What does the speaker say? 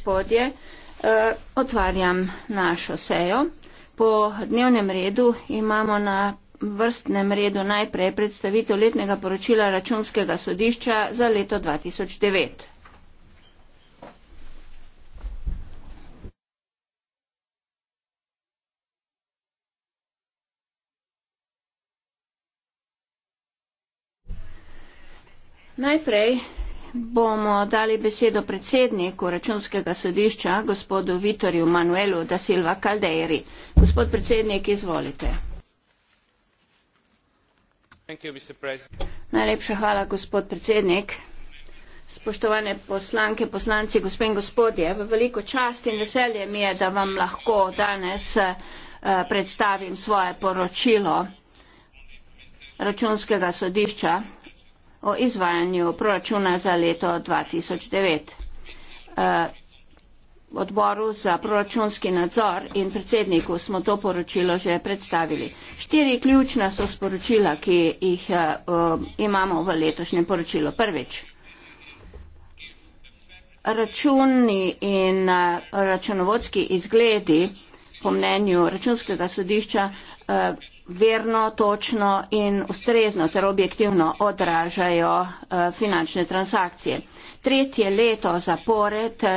gospodje, eh, otvarjam našo sejo. Po dnevnem redu imamo na vrstnem redu najprej predstavitev letnega poročila računskega sodišča za leto 2009. Najprej bomo dali besedo predsedniku računskega sodišča, gospodu Vitorju Manuelu da Silva Caldeiri. Gospod predsednik, izvolite. You, Najlepša hvala, gospod predsednik. Spoštovane poslanke, poslanci, gospe in gospodje, v veliko čast in veselje mi je, da vam lahko danes eh, predstavim svoje poročilo računskega sodišča o izvajanju proračuna za leto 2009. Eh, odboru za proračunski nadzor in predsedniku smo to poročilo že predstavili. Štiri ključna so sporočila, ki jih uh, imamo v letošnjem poročilu. Prvič, računi in računovodski izgledi po mnenju računskega sodišča uh, verno, točno in ustrezno ter objektivno odražajo eh, finančne transakcije. Tretje leto zapored